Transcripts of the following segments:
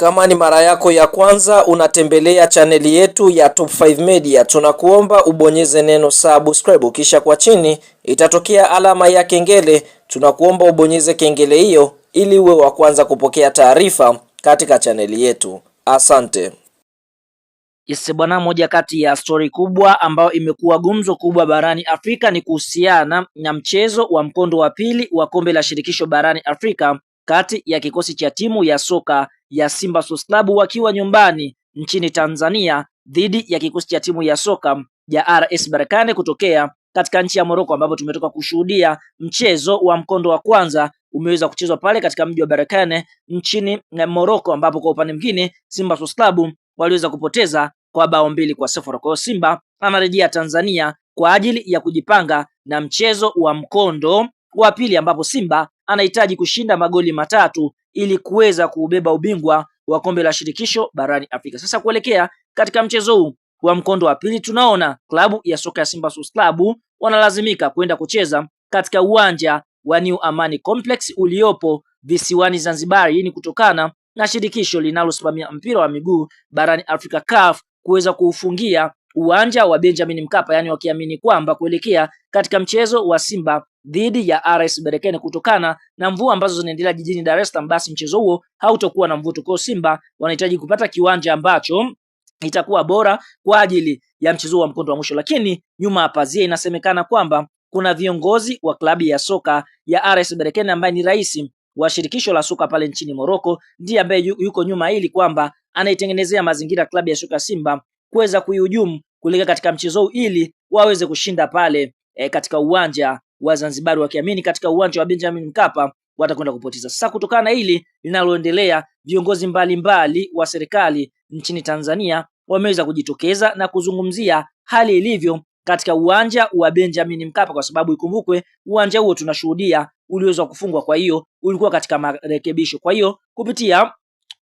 Kama ni mara yako ya kwanza unatembelea chaneli yetu ya Top 5 Media, tunakuomba ubonyeze neno subscribe, kisha kwa chini itatokea alama ya kengele. Tunakuomba ubonyeze kengele hiyo ili uwe wa kwanza kupokea taarifa katika chaneli yetu. Asante. Yes, bwana, moja kati ya stori kubwa ambayo imekuwa gumzo kubwa barani Afrika ni kuhusiana na mchezo wa mkondo wa pili wa kombe la shirikisho barani Afrika kati ya kikosi cha timu ya soka ya Simba Sports Club wakiwa nyumbani nchini Tanzania dhidi ya kikosi cha timu ya soka ya RS Berkane kutokea katika nchi ya Morocco, ambapo tumetoka kushuhudia mchezo wa mkondo wa kwanza umeweza kuchezwa pale katika mji wa Berkane nchini eh, Morocco, ambapo kwa upande mwingine Simba Sports Club waliweza kupoteza kwa bao mbili kwa sifuri. Kwa hiyo Simba anarejea Tanzania kwa ajili ya kujipanga na mchezo wa mkondo wa pili ambapo Simba anahitaji kushinda magoli matatu ili kuweza kuubeba ubingwa wa kombe la shirikisho barani Afrika. Sasa kuelekea katika mchezo huu wa mkondo wa pili, tunaona klabu ya soka ya Simba Sports Club wanalazimika kwenda kucheza katika uwanja wa New Amani Complex uliopo visiwani Zanzibar. Hii ni kutokana na shirikisho linalosimamia mpira wa miguu barani Afrika CAF kuweza kuufungia uwanja wa Benjamin Mkapa, yaani wakiamini kwamba kuelekea katika mchezo wa Simba dhidi ya RS Berkane kutokana na mvua ambazo zinaendelea jijini Dar es Salaam, basi mchezo huo hautakuwa na mvuto. Kwa Simba wanahitaji kupata kiwanja ambacho itakuwa bora kwa ajili ya mchezo wa mkondo wa mwisho, lakini nyuma ya pazia inasemekana kwamba kuna viongozi wa klabu ya soka ya RS Berkane ambaye ni rais wa shirikisho la soka pale nchini Morocco, ndiye ambaye yuko nyuma ili kwamba anaitengenezea mazingira klabu ya soka Simba kuweza kuihujumu kuleka katika mchezo huu ili waweze kushinda pale e, katika uwanja Wazanzibari wakiamini katika uwanja wa Benjamin Mkapa watakwenda kupoteza. Sasa kutokana na hili linaloendelea, viongozi mbalimbali wa serikali nchini Tanzania wameweza kujitokeza na kuzungumzia hali ilivyo katika uwanja wa Benjamin Mkapa, kwa sababu ikumbukwe, uwanja huo tunashuhudia uliweza kufungwa, kwa hiyo ulikuwa katika marekebisho. Kwa hiyo kupitia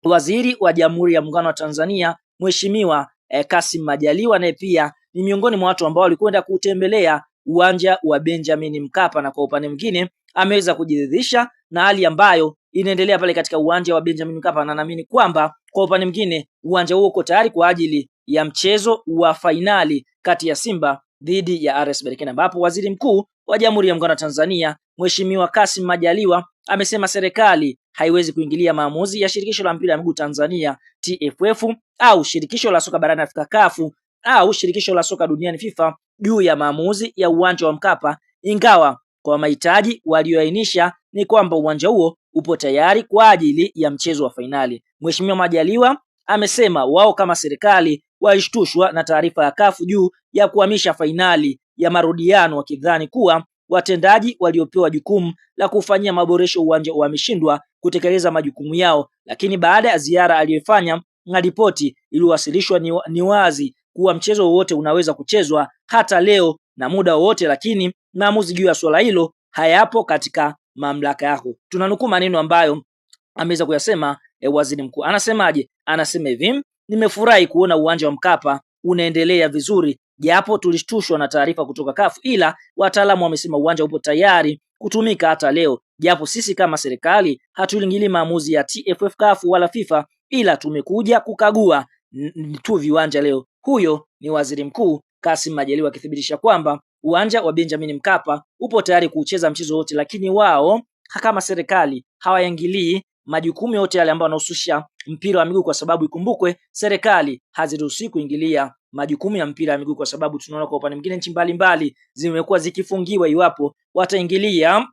waziri wa Jamhuri ya Muungano wa Tanzania Mheshimiwa eh, Kassim Majaliwa, naye pia ni miongoni mwa watu ambao walikwenda kutembelea uwanja wa Benjamin Mkapa, na kwa upande mwingine ameweza kujiridhisha na hali ambayo inaendelea pale katika uwanja wa Benjamin Mkapa, na naamini kwamba kwa upande mwingine uwanja huo uko tayari kwa ajili ya mchezo wa fainali kati ya Simba dhidi ya RS Berkane, ambapo Waziri Mkuu wa Jamhuri ya Muungano wa Tanzania Mheshimiwa Kassim Majaliwa amesema serikali haiwezi kuingilia maamuzi ya shirikisho la mpira wa miguu Tanzania TFF au shirikisho la soka barani Afrika CAF au shirikisho la soka duniani FIFA juu ya maamuzi ya uwanja wa Mkapa, ingawa kwa mahitaji walioainisha ni kwamba uwanja huo upo tayari kwa ajili ya mchezo wa fainali. Mheshimiwa Majaliwa amesema wao kama serikali walishtushwa na taarifa ya kafu juu ya kuhamisha fainali ya marudiano, wakidhani kuwa watendaji waliopewa jukumu la kufanyia maboresho uwanja wameshindwa kutekeleza majukumu yao, lakini baada ya ziara aliyofanya na ripoti iliyowasilishwa ni wazi kuwa mchezo wowote unaweza kuchezwa hata leo na muda wowote, lakini maamuzi juu ya suala hilo hayapo katika mamlaka yako. Tunanukuu maneno ambayo ameweza kuyasema e, waziri mkuu anasemaje? Anasema hivi, nimefurahi kuona uwanja wa Mkapa unaendelea vizuri japo tulishtushwa na taarifa kutoka CAF, ila wataalamu wamesema uwanja upo tayari kutumika hata leo, japo sisi kama serikali hatuingilii maamuzi ya TFF, CAF wala FIFA, ila tumekuja kukagua tu viwanja leo. Huyo ni waziri mkuu Kassim Majaliwa akithibitisha kwamba uwanja wa Benjamin Mkapa upo tayari kuucheza mchezo wote, lakini wao kama serikali hawaingilii majukumu yote yale ambayo yanahusisha mpira wa miguu, kwa sababu ikumbukwe, serikali haziruhusi kuingilia majukumu ya mpira wa miguu, kwa sababu tunaona kwa upande mwingine nchi mbalimbali zimekuwa zikifungiwa iwapo wataingilia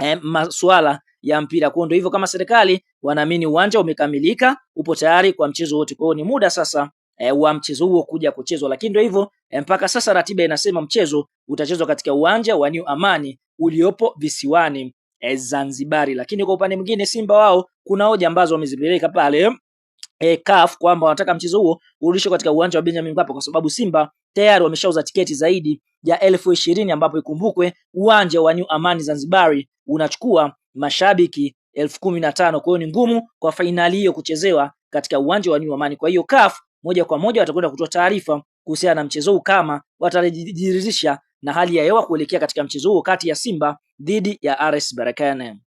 eh, masuala ya mpira. Kwa ndio hivyo, kama serikali wanaamini uwanja umekamilika, upo tayari kwa mchezo wote. Kwa hiyo ni muda sasa e, wa mchezo huo kuja kuchezwa, lakini ndio hivyo e, mpaka sasa ratiba inasema mchezo utachezwa katika uwanja wa New Amani uliopo visiwani e, Zanzibari. Lakini kwa upande mwingine Simba wao kuna hoja ambazo wamezipeleka pale e, CAF kwamba wanataka mchezo huo urudishwe katika uwanja wa Benjamin Mkapa kwa sababu Simba tayari wameshauza tiketi zaidi ya elfu ishirini ambapo ikumbukwe uwanja wa New Amani Zanzibari unachukua mashabiki elfu kumi na tano. Kwa hiyo ni ngumu kwa fainali hiyo kuchezewa katika uwanja wa New Amani. Kwa hiyo CAF moja kwa moja watakwenda kutoa taarifa kuhusiana na mchezo huu kama watajiridhisha na hali ya hewa kuelekea katika mchezo huo kati ya Simba dhidi ya RS Berkane.